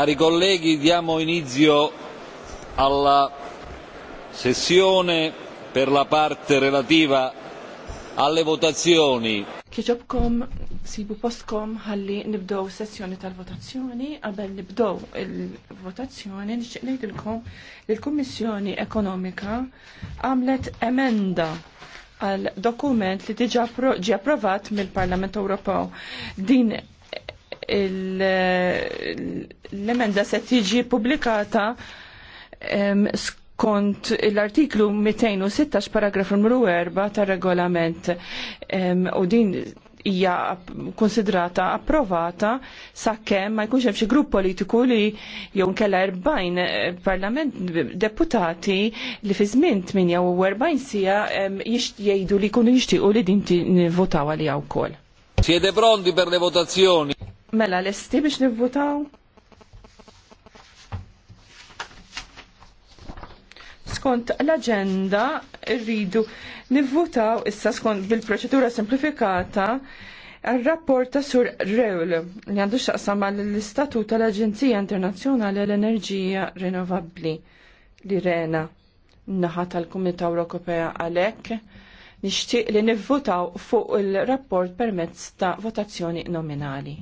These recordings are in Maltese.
Cari colleghi, diamo inizio alla sessione per la parte relativa alle votazioni. Kieġobkom sibu postkom ħalli nibdow sessjoni tal-votazzjoni, qabel nibdow il-votazzjoni nixtieq ngħidilkom l Ekonomika għamlet emenda għal dokument li diġa ġi approvat mill-Parlament Ewropew. Din l-emenda se tiġi publikata skont l-artiklu 216 paragraf numru 4 tar regolament u din hija konsidrata approvata sakemm ma jkunx hemm xi grupp politiku li jew nkella 40 eh, parlament deputati li fi żmien 48 sija jgħidu li jkunu jixtiequ li din votaw għaliha wkoll. Siete pronti per le votazioni? Mela l-esti biex nivvutaw? Skont l-agenda rridu nivvutaw issa skont bil-proċedura simplifikata għal-rapport ta' Sur Rewl li għandu xaqsam l-istatut tal-Aġenzija Internazzjonali l-Enerġija Rinnovabli li rena naħa tal-Kumita Ewropea għalek nixtieq li nivvutaw fuq il-rapport permezz ta' votazzjoni nominali.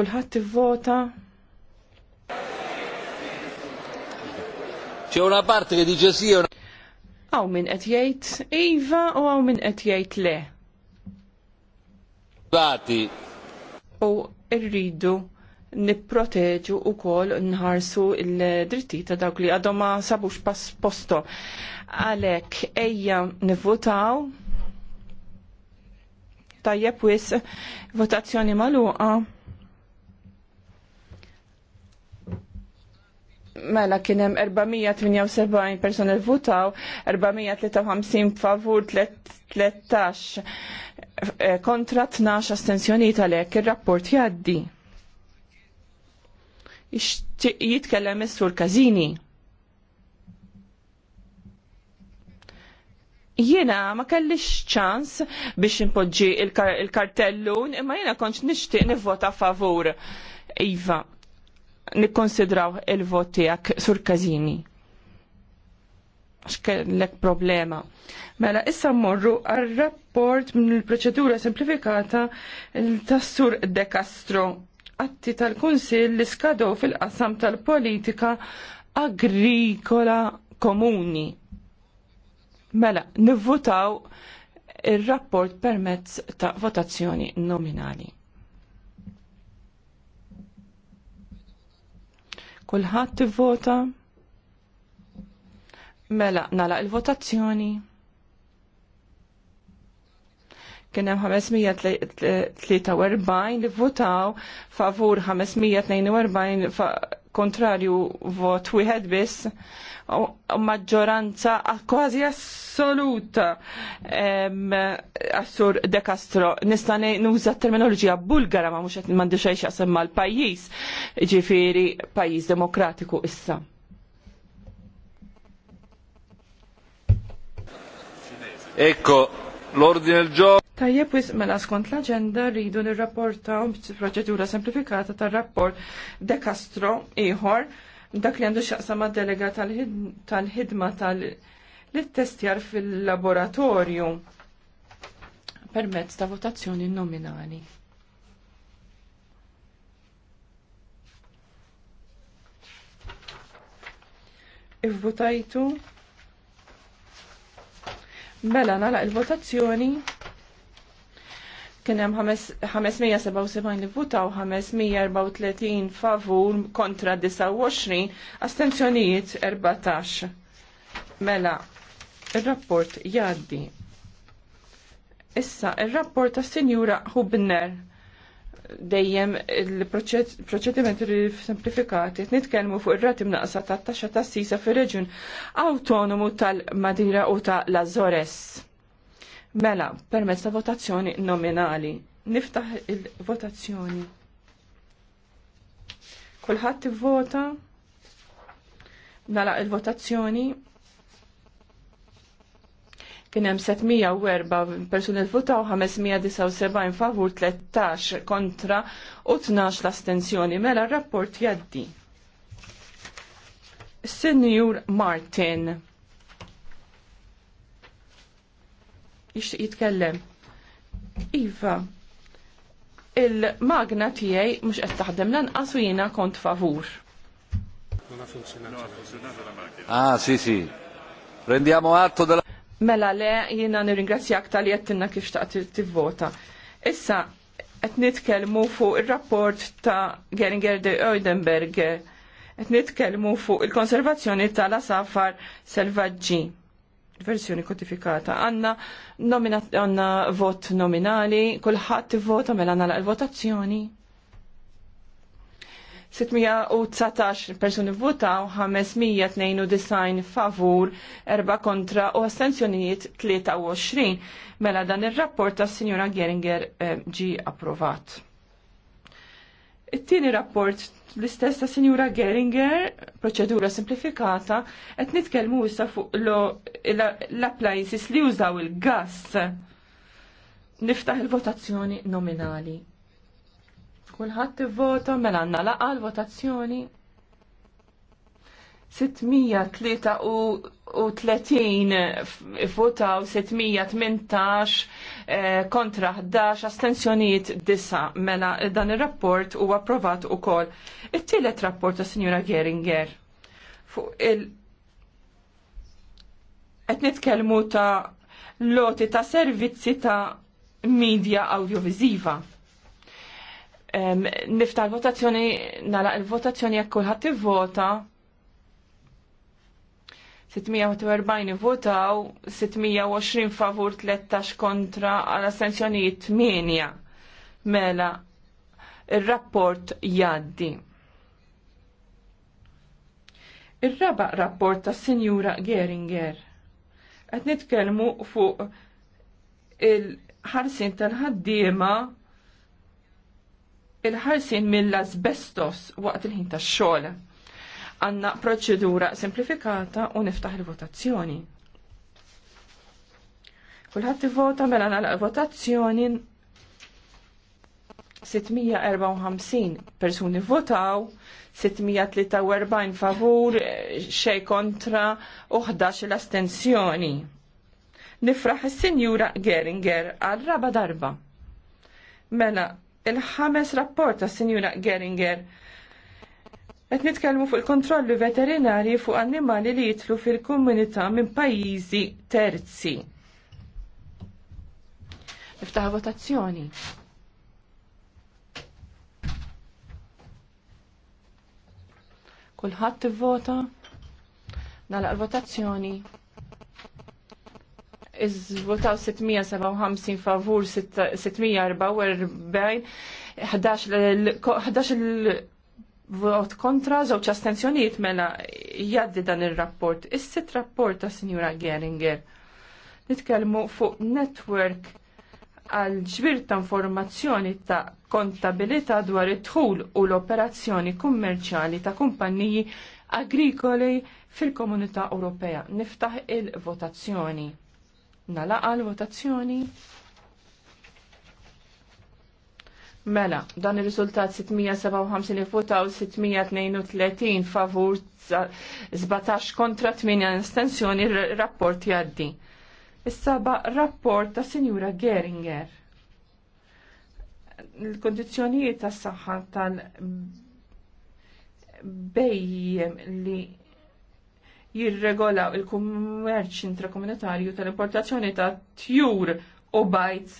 Kulħadd vota C'è una parte che dice sì o Għaw min qed jgħid iva u għaw min qed jgħid le. Bati. U rridu nipproteġu u kol nħarsu il-dritti ta' dawk li għadhom ma sabux pas posto. Għalek ejja nivvotaw tajjeb wis votazzjoni maluqa. mela kien hemm 478 persuna votaw, 453 favur, 13 e, kontra 12 astensjonijiet għalhekk ir-rapport jgħaddi. Jitkellem is-sur Kazini. Jiena ma kellix ċans biex impoġġi il-kartellun imma jiena konċ nixtieq nivvota favur. Iva, nikkonsidraw il-vot tiegħek sur Kazini. X'kellek problema. Mela issa mmorru għar-rapport minn il proċedura semplifikata tas-sur De Castro atti tal-Kunsill li skadow fil-qasam tal-politika agrikola komuni. Mela, nivvutaw ir rapport permezz ta' votazzjoni nominali. Kulħadd tivvota. Mela nala il-votazzjoni. Kien hemm 543 li votaw favur 542 kontrarju vot wieħed biss maġġoranza kważi assoluta assur De Castro nista' nuża terminoloġija bulgara ma mhux qed m'għandi xejn x'jaqsem mal-pajjiż ġifieri pajjiż demokratiku issa. Ecco, L-ordin il-ġob. Tajjeb wis mela skont l-agenda rridu nirrapportaw proċedura semplifikata tar-rapport De Castro ieħor dak li għandu xaqsa ma' delega tal-ħidma tal-testjar fil-laboratorju permezz ta' votazzjoni nominali. Ivvotajtu Mela nala, il-votazzjoni kien hemm 577 li votaw 534 favur kontra 29 astenzjonijiet 14. Mela ir-rapport jgħaddi. Issa ir-rapport tas-Sinjura Hubner dejjem il-proċedimenti semplifikati. Nitkellmu fuq ir-rati mnaqsa ta' taxxa ta' sisa fir reġun autonomu tal-Madira u ta' Lazores. Mela, permezz ta' votazzjoni nominali. Niftaħ il-votazzjoni. Kulħadd ivvota nalaq il-votazzjoni Kien hemm 704 persuni votaw 579 favur 13 kontra u 12 l-astenzjoni mela r-rapport jaddi. Senjur Martin. Ix jitkellem. Iva, il-magna tiegħi mhux qed taħdem lanqas u jiena kont favur. Ah, sì, sì. Prendiamo atto della Mela le jiena nirringrazzjak tal jettinna kif taqt tivvota. Issa, qed nitkellmu fuq ir-rapport ta' Geringer de Oudenberg, qed nitkellmu fuq il-konservazzjoni tal-asafar selvaġġi versjoni kodifikata. Għanna vot nominali, kulħadd vota mela nagħlaq il-votazzjoni. 619 persuni votaw, 592 favur, 4 kontra u astenzjonijiet 23. Mela dan il-rapport ta' Signora Geringer eh, ġi eh, approvat. It-tieni rapport l-istess ta' Signora Geringer, proċedura simplifikata, qed nitkellmu issa fuq l applajsis li użaw il-gas. Niftaħ il-votazzjoni nominali. Kulħadd ivvota mela għandna laqa l-votazzjoni. 633 u 618 eh, kontra 11 astensjonijiet 9 mela dan ir-rapport huwa approvat ukoll. It-tielet rapport ta' Sinjura Geringer fuq il- qed nitkellmu ta' loti ta' servizzi ta' media audiovisiva nifta l-votazzjoni, nara l-votazzjoni jekk kulħadd ivvota. 640 votaw, 620 favur, 13 kontra, għal astensjonijiet 8. Mela, il-rapport jaddi. Ir-raba rapport ta' Sinjura Geringer. Qed nitkellmu fuq il-ħarsin tal-ħaddiema il-ħarsin mill-asbestos waqt il-ħin tax xogħol. Għanna proċedura simplifikata u niftaħ il-votazzjoni. Kulħadd vota mela l votazzjoni 654 persuni votaw, 643 favur, xej kontra u 11 l-astensjoni. Nifraħ is-Sinjura Geringer għal raba darba. Mela, il-ħames rapport ta' Sinjura Geringer. Et nitkellmu fuq il-kontrollu veterinari fuq annimali li jitlu fil-komunità minn pajjiżi terzi. Niftaħ votazzjoni. Kulħadd ivvota nagħlaq votazzjoni iżvotaw 657 favur 644 11 il-vot kontra żewġ astenzjonijiet mela jaddi dan ir-rapport. Is-sitt rapport ta' Sinjura Geringer. Nitkellmu fuq network għal ġbir ta' informazzjoni ta' kontabilità dwar id-dħul u l-operazzjoni kummerċjali ta' kumpanniji agrikoli fil-Komunità Ewropea. Niftaħ il-votazzjoni. Nalaqa l-votazzjoni. Mela, dan il-rizultat 657 votaw 632 favur 17 kontra 8 estensjoni rapport jaddi. Is-saba rapport ta' Sinjura Geringer. Il-kondizjonijiet tas saħħa tal-bejjem li jirregolaw il-kummerċ intrakomunitarju tal-importazzjoni ta' tjur u bajts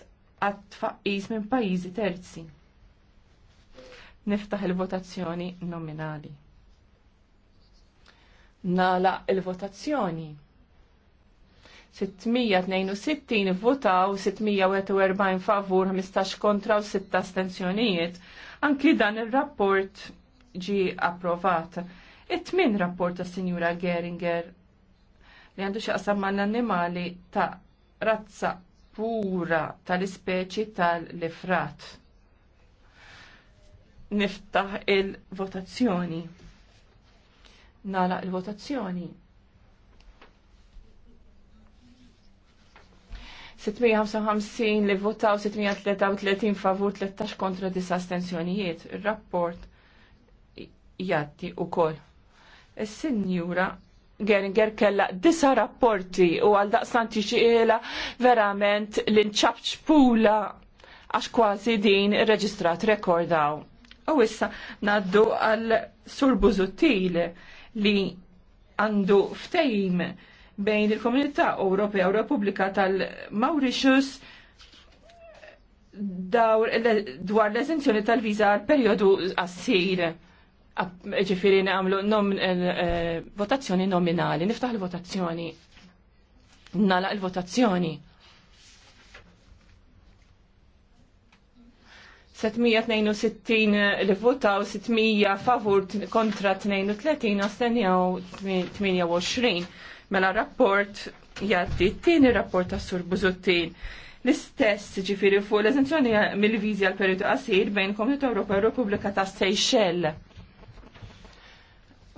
għat-tfaqqis minn pajjiżi terzi. Niftaħ il-votazzjoni nominali. Nala il-votazzjoni. 662 votaw, 640 favur, 15 kontra u 6 astenzjonijiet. Anki dan il-rapport ġi approvat. It-tmin rapport ta' Sinjura Geringer li għandu xaqsam ma' l-annimali ta' razza pura tal-ispeċi tal-lifrat. Niftaħ il-votazzjoni. Nala il-votazzjoni. 655 li votaw 633 favur 13 kontra disastenzjonijiet. Il-rapport jatti u koll. Is-Sinjura Geringer kella disa rapporti u għal daqsanti xieħla verament l pula għax kważi din reġistrat rekordaw. U issa naddu għal Sur Buzutil li għandu ftejm bejn il-Komunità Ewropea u Repubblika tal-Mauritius dwar l-eżenzjoni tal-viza għal periodu għassir ġifiri għamlu eh, eh, votazzjoni nominali, niftaħ il-votazzjoni. Nala il-votazzjoni. 762 eh, li votaw, 600 favur kontra 32, astenjaw 28. Mela rapport jaddi t-tini rapport ta' Sur Buzuttin. L-istess ġifiri fuq l-eżenzjoni mill vizja l periodu qasir bejn Komunità Ewropea u Repubblika ta' Seychelles.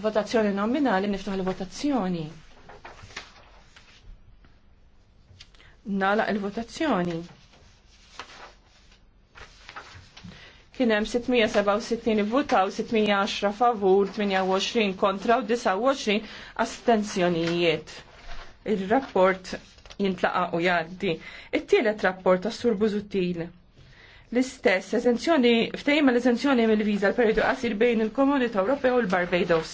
Votazzjoni nominali niftuħ il-votazzjoni. Nala il-votazzjoni. Kienem 667 votaw, 610 favur, 28 kontra u 29 astenzjonijiet. Il-rapport jintlaqa u jaddi. It-tielet rapport tas-Sur Buzutil l-istess eżenzjoni, ftejma l-eżenzjoni mill-viza l-periodu qasir bejn il-Komunità Ewropea u l-Barbados.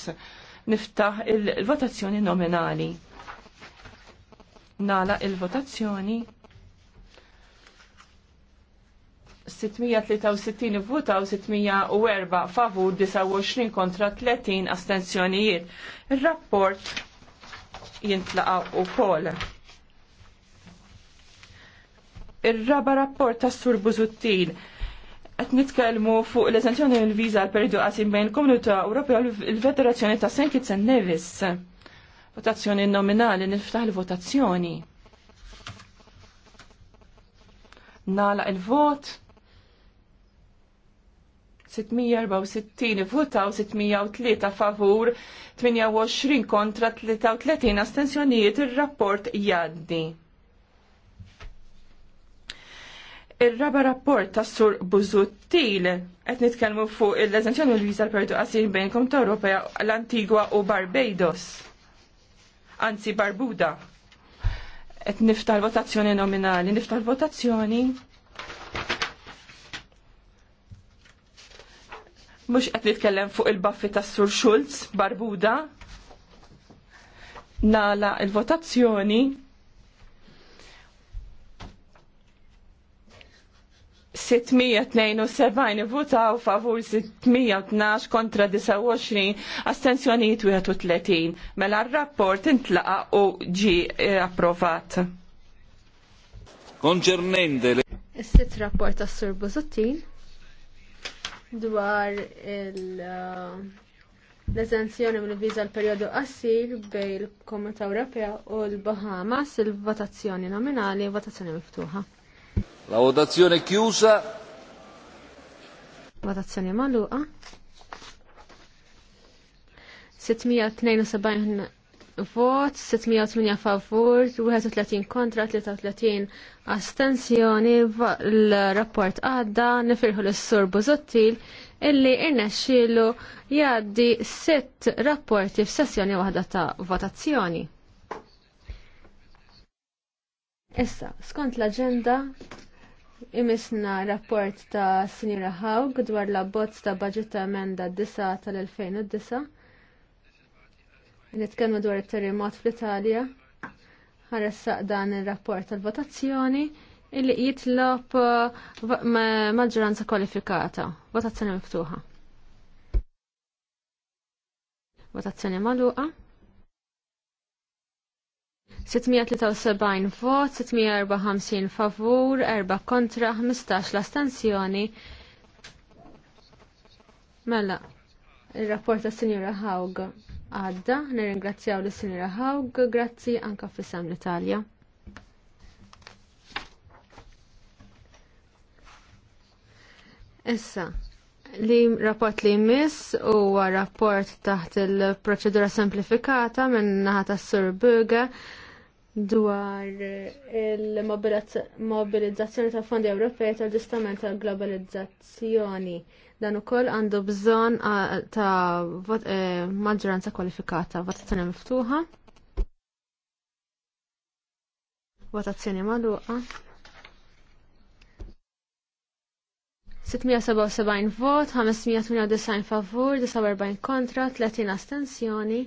Niftaħ il-votazzjoni nominali. Nala il-votazzjoni. 663 vota u 604 favur 29 kontra 30 astenzjonijiet. Il-rapport jintlaqa u kol ir-raba rapport tas Sur Buzuttin. qed nitkellmu fuq l-eżenzjoni l-viża għal periodu qasim bejn komunità Ewropea u l-Federazzjoni ta' Saint and Nevis. Votazzjoni nominali niftaħ il-votazzjoni. Nala il-vot. 664 u 603 favur, 28 kontra 33 astensjonijiet ir rapport jaddi. Ir-raba rapport tas sur Buzuttil qed nitkellmu fuq il-leżenzjoni li l perdu qasir bejn Komta Ewropea l-Antigwa u Barbados. Anzi Barbuda. Qed niftar votazzjoni nominali, niftar votazzjoni. Mhux qed nitkellem fuq il-baffi tas sur Schulz, Barbuda. Nala il-votazzjoni. 672 votaw favur 612 kontra 29 astensjonijiet 31. Mela r-rapport intlaqa u ġi eh, approvat. Konċernente le... Is-sitt rapport tas Sur Bozottin dwar eh, l-eżenzjoni mill viża l perjodu qasir bejn il-Komunità Ewropea u l-Bahamas il-votazzjoni nominali votazzjoni miftuħa. La votazione è chiusa. Votazione maluqa. 672 vot, 608 favur, 31 kontra, 33 astensjoni, l-rapport għadda, nifirħu l-sur Buzottil, illi irnexxilu jgħaddi sitt rapporti f'sessjoni waħda ta' votazzjoni. Issa, skont l-agenda Imisna rapport ta' Sinjura Hawg dwar la bozz ta' budget ta' emenda 9 tal-2009. Nitkellmu dwar it-terremot fl-Italja. Ħaressaq dan ir-rapport tal-votazzjoni illi jitlob maġġoranza kwalifikata. Votazzjoni miftuħa. Votazzjoni magħluqa. 673 vot, 654 favur, 4 kontra, 15 l-astensjoni. Mela, il-rapport ta' Sinjura Haug għadda, nirringrazzjaw li Sinjura Haug, grazzi anka fissam l-Italja. Issa, li rapport li jmiss huwa rapport taħt il-proċedura semplifikata minn naħa tas-Sur Böge dwar il-mobilizzazzjoni ta' fondi Ewropej tal-ġustament tal-globalizzazzjoni. Dan ukoll għandu bżonn ta' eh, maġġoranza kwalifikata, votazzjoni miftuħa. Votazzjoni magħluqa. 677 vot, 598 favur, 49 kontra, 30 astensjoni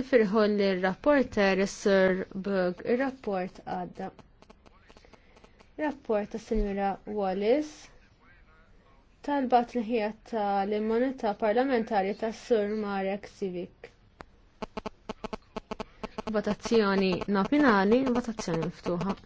firħol li l-rapporter Sir Bug il-rapport għadda. Rapport ta' Sinjura Wallis talbat li ta' tal-immunità parlamentari ta' Sir Marek Sivik. Votazzjoni nominali, votazzjoni miftuħa.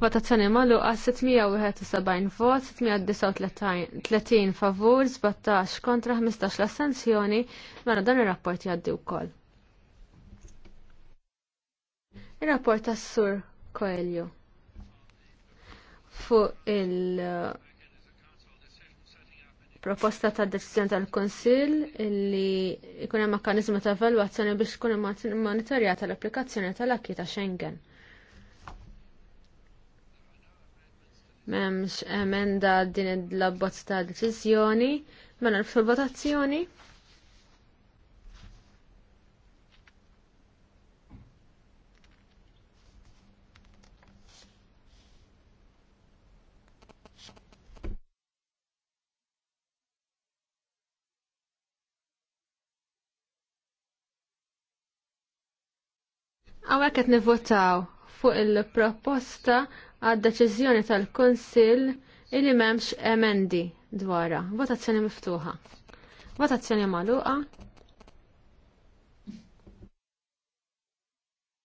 Votazzjoni magħluqa 671 vot, 639 favur, 17 kontra 15 l-assenzjoni, mela dan ir-rapport jgħaddi wkoll. Ir-rapport tas-Sur Coelho fuq il- proposta ta' deċizjoni tal-Konsil li jkun hemm mekkaniżmu ta' evalwazzjoni biex tkun monitorjata l-applikazzjoni tal-akki ta' Schengen. memx emenda din l-abbozz ta' deċiżjoni, mela il votazzjoni Għawek għet nivotaw fuq il-proposta għad deċiżjoni tal konsil illi m'hemmx emendi dwarha. Votazzjoni miftuħa. Votazzjoni magħluqa.